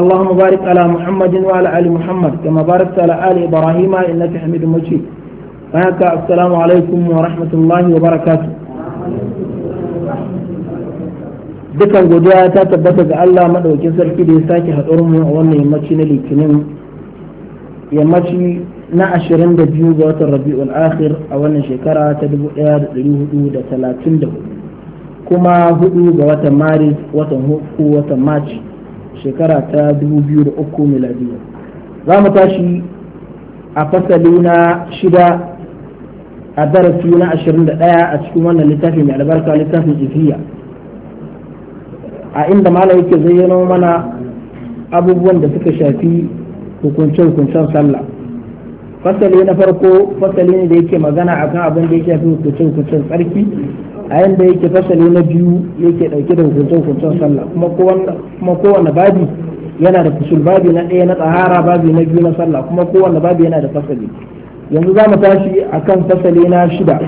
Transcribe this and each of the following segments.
اللهم بارك على محمد وعلى آل محمد كما باركت على آل إبراهيم إنك حميد مجيد هكا السلام عليكم ورحمة الله وبركاته dukan godiya ta tabbata ga Allah madaukin sarki da ya sake haɗuwar mu a wannan yammaci na litinin yammaci na 22 ga watan rabi'ul akhir a wannan shekara ta 1434 kuma hudu ga watan maris watan huku watan maci shekara ta 2003 miladiya za mu tashi a fasali na shida a darasi na 21 a cikin wannan littafi mai albarka littafin jifiya a inda malam yake zayyano mana abubuwan da suka shafi hukunce-hukuncen sallah fasali na farko fasali ne da yake magana akan abin da ya shafi hukunce-hukuncen tsarki a yanda yake fasali na biyu yake dauke da hukuncin hukuncin sallah kuma kowane babi yana da kusur babi na ɗaya na tsahara babi na biyu na sallah kuma kowane babi yana da fasali yanzu za mu tashi a kan fasali na shida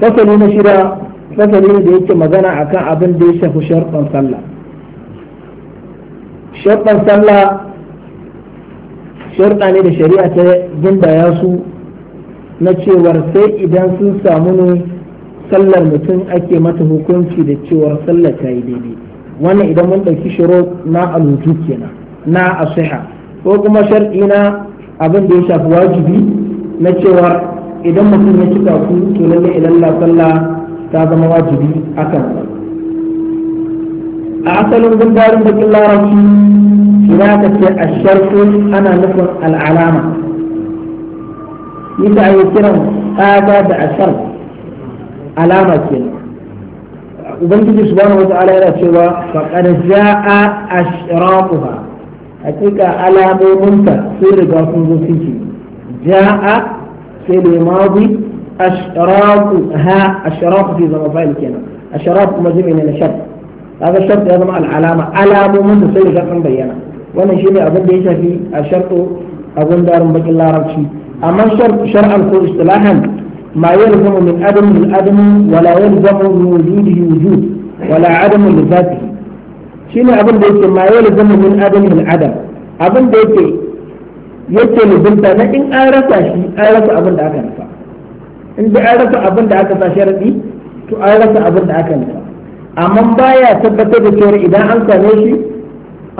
fasali na shida fasali ne da yake magana a kan abin da ya shafi sharɗan sallah sharɗan sallah sharɗa ne da shari'a ta gindaya su na cewar sai idan sun samu ne sallar mutum ake mata hukunci da cewa sallar ta yi daidai wannan idan mun ɗauki shiro na alutu kenan na asiha ko kuma sharɗi na abin da ya shafi wajibi na cewa idan mutum ya ci kafu to lalle idan ilalla salla ta zama wajibi akan sa a asalin gundarin da bakin larabci idan ka ce asharfu ana nufin al'alama yadda a yi kiran tsada da asharfu alama kenan ubangiji subhanahu wata'ala yana cewa faqad jaa ashraquha hakika alamominta sai riga sun zo suke jaa sai ne madi ashraquha ashraq fi zama fa'il kenan ashraq kuma jami'i ne na shar kaga shar ya zama al'alama alamomin sai riga sun bayyana wannan shine abin da ya shafi a sharto abin darin bakin larabci amma shar'an ko istilahan ما يلزم من عدم العدم ولا يلزم من وجوده وجود ولا عدم لذاته shine abin da yake ma yalzamu min adam min adam abin da yake yake lubunta na in an rasa shi an rasa abin da aka nufa in da an rasa abin da aka sa sharadi to an rasa abin da aka nufa amma baya tabbatar da cewa idan an same shi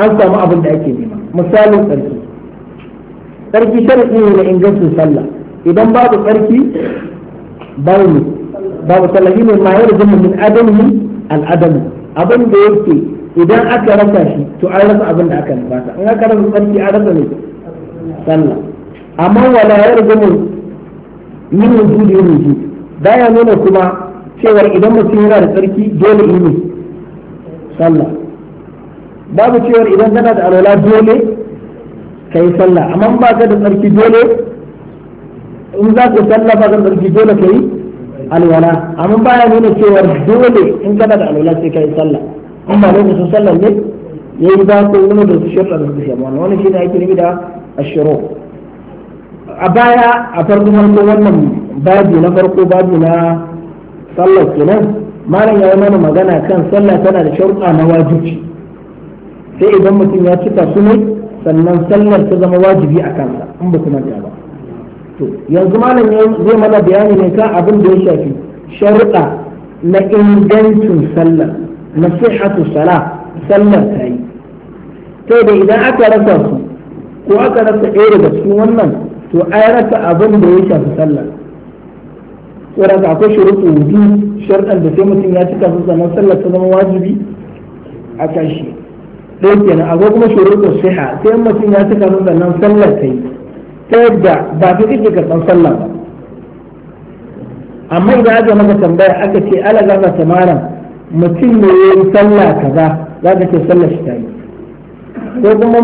an samu abin da ake nema misalin tsarki tsarki sharadi ne na ingancin sallah idan babu tsarki babu ne babu tallafi ne ma yau zama min adamu al'adamu abin da yake idan aka rasa shi to an rasa abin da aka nufata in aka rasa tsarki an rasa ne sallah amma wala yau zama min wujudi yin wujudi baya nuna kuma cewar idan mutum yana da tsarki dole ne sallah babu cewar idan kana da alwala dole ka yi sallah amma ba ka da tsarki dole in za ka sallafa zan ɗauki dole ka yi alwala amma baya nuna cewa dole in kana da alwala sai ka yi sallah in ba su sallah ne ya yi ba ko wani da su shirɗa da su shi amma wani shi ne ake nufi da ashiro a baya a farko farko wannan babi na farko babi na sallar kenan malam ya yi mana magana kan sallah tana da sharuɗa na wajibi sai idan mutum ya cika su ne sannan sallar ta zama wajibi a kansa in ba su manta ba to yanzu malam zai mana bayani ne kan abin da ya shafi sharuɗa na ingancin sallar na sihatu sala sallar ta yi sai da idan aka rasa su ko aka rasa ɗaya daga cikin wannan to ai rasa abin da ya shafi sallar tsoron akwai shuruɗu wudu sharɗan da sai mutum ya cika su sannan sallar ta zama wajibi a kan shi ɗaya kenan akwai kuma shuruɗu siha sai mutum ya cika su sannan sallar ta yi ta yadda ba ka kake karɓar sallah ba amma idan aka maka tambaya aka ce ala ta mara mutum ne ya yi sallah kaza za ka ce sallah shi ta yi ko kuma